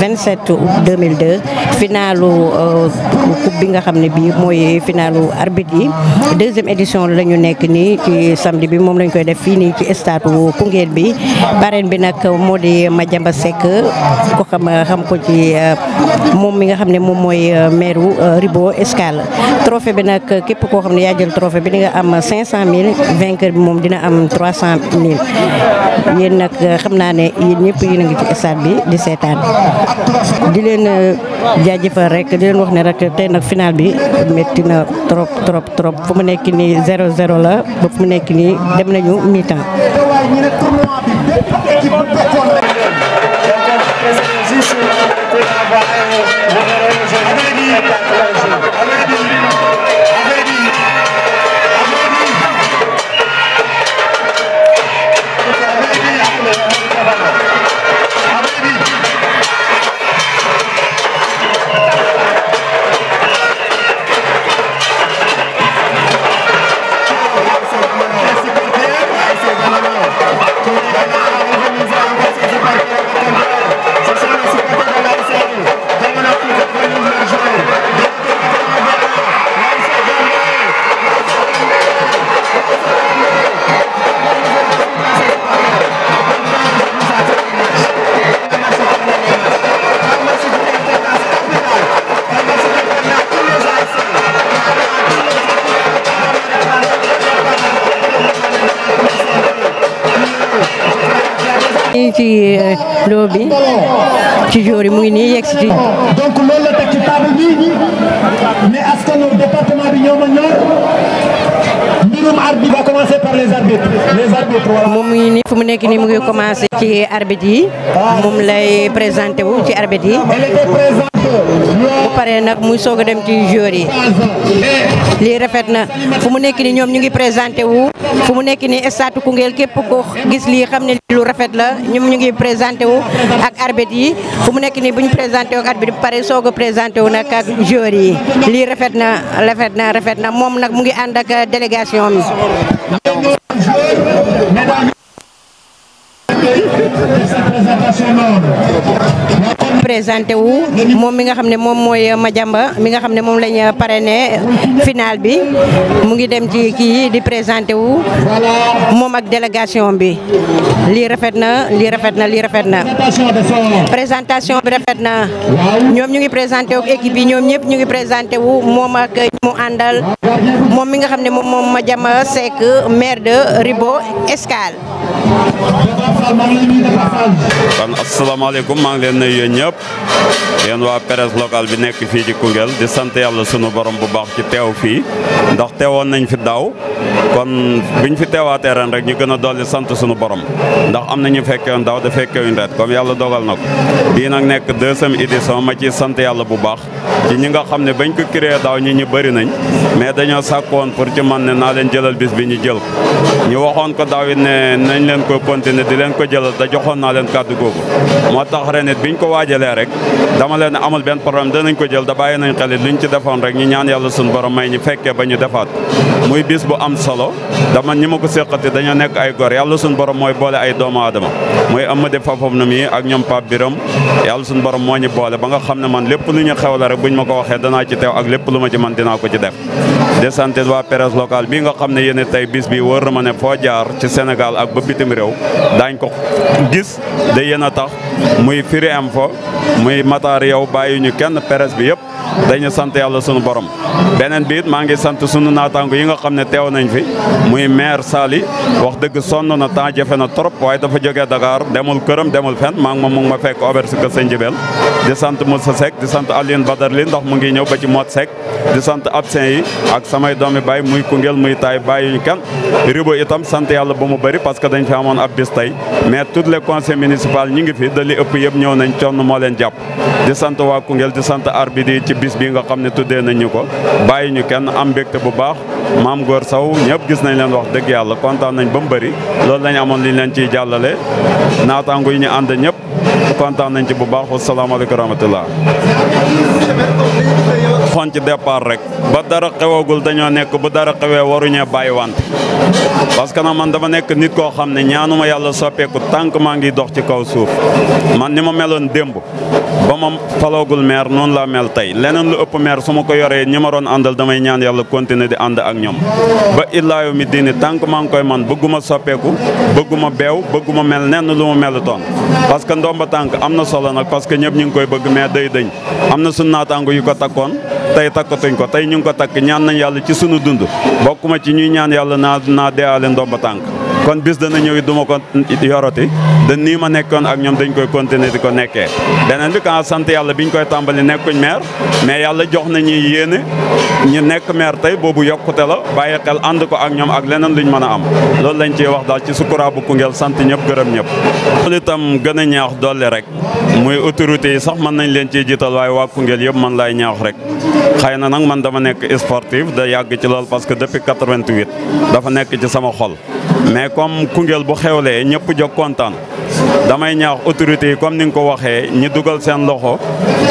27 août 2002 finalu euh, coupe bi nga xam ne bii mooy finaalu arbitre yi deuxième édition la ñu nekk nii ci samedi bi moom lañ koy def fii nii ci stade Koungheul bi parrain bi nag moo di Madiamba Seck ko xam xam ko ci euh, moom mi nga xam ne moom mooy euh, maire ribo Escale trophée bi nag képp koo xam ne yaa jël trophée bi di nga am 500000 vainqueur bi moom dina am 300000 yéen nag xam naa ne yéen ñëpp yéen a ngi ci stade bi di seetaan. di leen eh, jaajëfal rek di leen wax ne rek tey nag final bi métti na trop trop trop fu mu nekk nii 0-0 la ba fu mu nekk nii dem nañu mi nii ci euh, loo bi ci yi mu nii yegg si ci moom mu nii mu nekk nii mu ngi commencé ci arbitre yi ah. moom lay présenté wu ci arbitre yi. paree nag muy soog dem ci joueurs yi lii rafet na fu mu nekk nii ñoom ñu ngi présenté wu fu mu nekk nii stade Koungheul képp ko gis lii xam ne lu rafet la ñoom ñu ngi présenté wu ak arbitre yi fu mu nekk nii bu ñu présenté wu ak arbitre pare soog a présenté wu nag ak joueurs yi lii rafet na rafet na rafet na moom nag mu ngi ànd ak délégation mi présenté wu moom mi nga xam ne moom mooy ma jàmba mi nga xam ne moom lañ parrainé final bi mu ngi dem ci kii di présenté wu moom ak délégation bi lii rafet na lii rafet na lii rafet na présentation bi rafet na ñoom ñu ngi présenté wu équipe yi ñoom ñëpp ñu ngi présenté wu moom ak mu àndal moom mi nga xam ne moom moom Madiamba Seck maire de Ribot Escale kon asalaamaaleykum maa ngi leen nuyu yéen ñëpp yéen waa presse locale bi nekk fii ci Koungheul di sant yàlla sunu borom bu baax ci teew fii ndax teewoon nañ fi daaw kon biñ fi teewaatee ren rek ñu gën a dolli sant sunu borom ndax am na ñu fekkewoon daaw da fekkewuñ ret comme yàlla dogal na ko bii nag nekk deuxième édition ma ciy sant yàlla bu baax ci ñi nga xam ne bañ ko créé daaw ñi ñu bëri nañ mais dañoo sàkkoon pour ci man ne naa leen jëlal bis bi ñu jël continuer di leen ko jëlal da joxoon naa leen kàddu googu moo tax ren it biñ ko waajalee rek dama leen amul benn problème danañ ko jël da bàyyi nañ xel it liñ ci defoon rek ñu ñaan yàlla suñu borom may ñu fekkee ba ñu defaat muy bis bu am solo dama ñi ma ko séqati dañoo nekk ay gor yàlla suñu borom mooy boole ay doomu aadama muy Amady Fafam na mi ak ñoom Pape Biram yàlla suñu borom moo ñu boole ba nga xam ne man lépp lu ñu xew la rek buñ ma ko waxee danaa ci teew ak lépp lu ma ci man dinaa ko ci def di sant bi nga xam ne yéen tey bis bi wër na ma ne foo jaar ci Sénégal ak ba bitim daañ ko gis da yéen a tax muy firi am fa muy mataar yow bàyyi ñu kenn presse bi yëpp dañu sant yàlla sunu borom beneen bi it maa ngi sant sunu naataango yi nga xam ne teew nañ fi muy maire Sali wax dëgg sonn na temps jafe na trop waaye dafa jógee Dakar demul këram demul fen maa ngi moom mu ma fekk auberge kër Sëñ Jibel di sant Moussa Seck di sant Alioune Badar li ndax mu ngi ñëw ba ci Mot Seck di sant absent yi ak samay doomi baay muy Koungheul muy Taay bàyyuñu kenn ribo itam sant yàlla ba mu bëri parce que dañ fi amoon ab bis tey mais toutes les conseils municipaux ñi ngi fi da li ëpp yëpp ñëw nañ conn moo leen bis bi nga xamne ne nañu ambekte bubah, ko bàyyi ñu kenn am mbégte bu baax mam gor saw ñepp gis nañ leen wax dëgg yalla kontaan nañ bam bari loolu lañ amon liñ leen ciy jàllale naataango yi ñu and ñepp kontaan nañ ci bu baax wasalaamaaleykum wa rahmatullah fon ci départ rek ba dara xewagul dañu nekk bu dara waru ñe wante parce que na man dama nekk nit ko xamne ñaanuma yalla soppeku tank ma ngi dox ci kaw suuf man nima melone doomam faloogul meer noonu laa mel tey leneen lu ëpp meer su ma ko yoree ñi ma doon àndal damay ñaan yàlla continuer di ànd ak ñoom ba illaayo mi diini tànk maa ngi koy man bëgguma soppeeku bëgguma beew bëgguma mel nenn lu mu melutoon parce que ba tànk am na solo nag parce que ñëpp ñu ngi koy bëgg mais day dëñ am na sunu naataango yu ko takkoon tey takkatuñ ko tey ñu ngi ko takk ñaan nañ yàlla ci sunu dund bokkuma ci ñuy ñaan yàlla naa naa deeaale ba tànk kon bis dana ñëw it du ma ko yoroti de nii ma nekkoon ak ñoom dañ koy continuer di ko nekkee bi quand sant yalla biñ koy tàmbali nekkuñ maire mais yàlla jox nañu yéene ñu nekk maire tey boobu yokkute la xel ko ak ñoom ak leneen luñ am loolu lañ ciy wax dal ci Sukura bu Koungheul sant ñëpp gërëm ñëpp loolu itam gën a ñaax dolli rek muy autorités yi sax mën nañ leen ciy jiital waaye waa Koungheul yëpp man laay ñaax rek Kaya na nag man dama nekk sportif da yàgg ci lool parce que depuis 88 dafa nekk ci sama xol mais comme Koungheul bu xewlee ñëpp jog kontaan damay ñaax autorités yi comme ni nga ko waxee ñi dugal seen loxo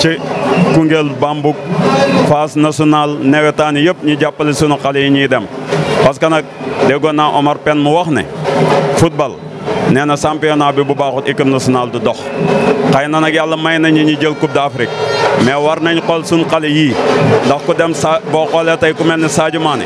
ci Koungheul Bambouk phase nationale nawetaan yëpp ñu jàppale sunu xale yi ñuy dem parce que nag déggoon naa Omar Pène mu wax ne football. nena na championnat bi bu baxut équipe nationale du dox xayna nak yalla may nañu ñu jël coupe d'Afrique mais war nañ xol sun xalé yi ndax ko dem sa boo xoolee tey ku melni Sadio Mané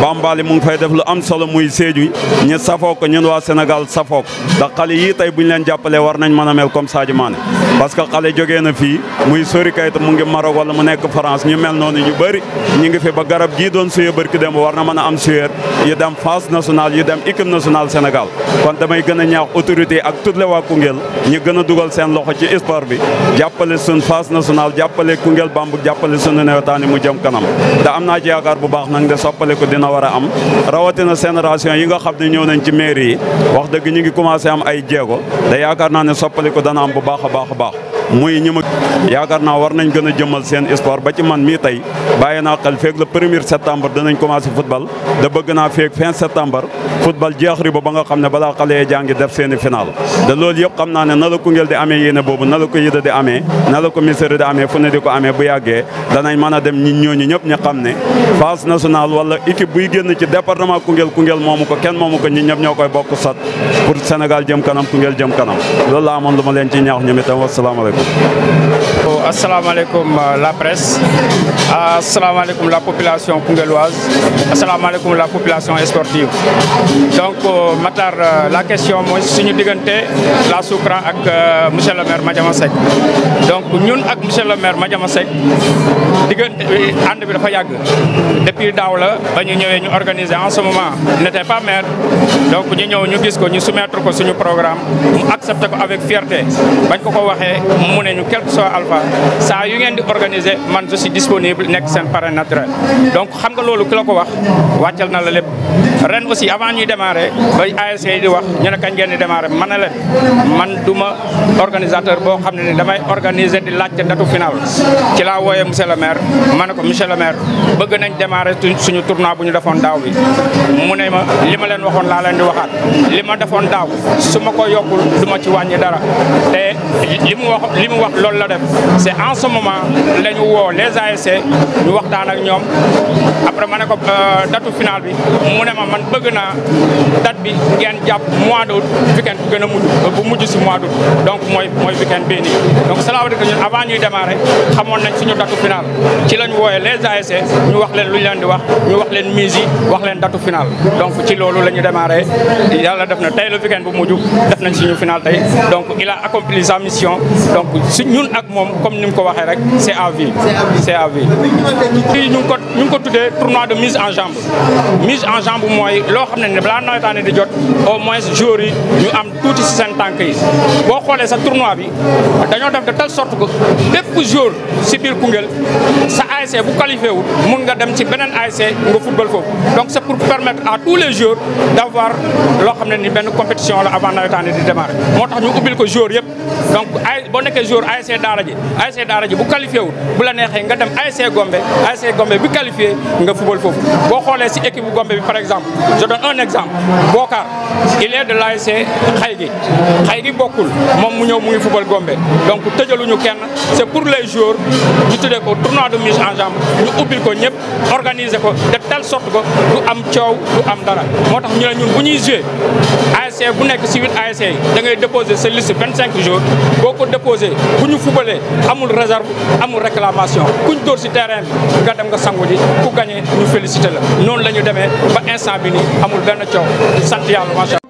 Bambali mu ngi fay def lu am solo muy sédju ñi safo ko ñun wa Sénégal safo da xalé yi tay buñ leen jappalé war nañ mëna mel comme Sadio Mané parce que xalé jogé na fi muy Sori Kayta mu ngi Maroc wala mu nekk France ñu mel nonu ñu bari ñi ngi fi ba garab gi doon suyee barki dem war na mëna am suyeer yi dem phase nationale yi dem équipe nationale Sénégal kon damay gëna ñaax autorité ak toute la waa Koungheul ñu gën a dugal seen loxo ci sport bi jàppale sun phase nationale jàppale Koungheul Bambuk jàppale sunu nawetaani mu jëm kanam te am naa ci yaakaar bu baax nag de soppale ko dina war a am rawatina génération yi nga xam ne ñëw nañ ci mairie yi wax dëgg ñu ngi commencé am ay jéego da yaakaar naa ne soppale ko dana am bu baax a baax a baax muy ñi ma yaakaar naa war nañ gën a jëmmal seen espoir ba ci man mii tey bàyyi naa xel feeg le premier septembre danañ commencé football da bëgg naa feeg fin septembre football jeex riba ba nga xam ne balaa xale yee jàngi def seen i final da loolu yëpp xam naa ne na la Koungheul di amee yéene boobu na la ko yida di amee na la ko misère di amee fu ne di ko amee bu yàggee danañ mën a dem ñi ñooñu ñëpp ñi xam ne phase nationale wala équipe buy génn ci département Koungheul Koungheul moomu kenn moomu ko ñi ñëpp ñoo koy jëm kanam Koungheul jëm loolu la amoon lu ma leen ci ñaax ñoom itam wasalaamaaleykum Thank you. alaikum euh, la presse alaikum la population assalamu alaikum la population sportive donc euh, Matar euh, la question mooy suñu diggante la Soukran avec monsieur le maire Madame donc nous avec monsieur le maire Madiama Seck diggante bi depuis le la nous avons en ce moment n'était pas maire donc nous ñëw ñu gis nous ñu soumettre ko programme nous avec fierté Nous ko ko que mu soit alpha saa yu ngeen di organiser man je suis disponible nekk seen parrain naturel donc xam nga loolu ki la ko wax wàccal na la lépp ren aussi avant ñuy démarrer ba ASC di wax ñu ne kañ ngeen di demare man na leen man du ma organisateur boo xam ne ni damay organiser di laajte datu final ci laa wooyee monsieur le maire ma ko monsieur le maire bëgg nañ démarrer suñu tournoi bu ñu defoon daaw bi mu ne ma li ma leen waxoon laa leen di waxaat li ma defoon daaw su ma ko yokkul du ma ci wàññi dara te mu wax li mu wax loolu la def c' est en ce moment la ñu les ASC ñu waxtaan ak ñoom après ma ne ko euh, datu finale bi mu ne ma man bëgg naa date bi ngeen jàpp mois d' weekend gëna mu a mujj euh, bu mujj ci mois d' donc mooy mooy weekend béni donc cela veut dire que ñun avant ñuy démarrer xamoon nañ ci ñu datu finale ci lañ woyé les ASC ñu wax leen lu ñu leen di wax ñu wax leen mise yi wax leen datu finale donc ci lolu lañu démarrer yalla def na tay le weekend bu mujj def nañ ci ñu finale tay donc il a accompli sa mission donc si ñun ak mom c'est à vie. C'est à vie. Nous avons fait un tournoi de mise en jambe. Mise en jambe, moi, lorsque nous avons fait un de jot, au moins, jury, nous avons tout ici 5 ans. Si vous voulez ce tournoi, nous avons fait de telle sorte que, dès que jour, Sibir Kungel, sa ASC, vous qualifiez, vous avez fait un tournoi de ASC, vous avez football. Donc, c'est pour permettre à tous les joueurs d'avoir de compétition avant de démarrer. Nous avons fait un tournoi de jour. Donc, si vous êtes joueur ASC, ASC Daara ji bu qualifié wu bu la neexee nga dem AC Gombe AC Gombe bu qualifié nga football foofu bo xolé si équipe bu Gombe bi par exemple je donne un exemple Bokar il est de l'AC xay gi bokul mom mu ñëw mu ngi fubal Gombe donc ñu kenn c'est pour les joueurs ñu tuddee ko tournoi de mise en jambe ñu ubbil ko ñep organiser ko de telle sorte ko du am ciow du am dara motax ñu ne ñun bu ñuy jouer AC bu nek ci 8 AC da ngay déposer sa liste 25 jours boo déposer déposé bu ñu footballer. amul réserve amul réclamation ku dóor si terrain bi nga dem nga sangu ji ku gagné ñu félicité la noonu lañu ñu demee ba instant bi ni amul benn coow sant yàlla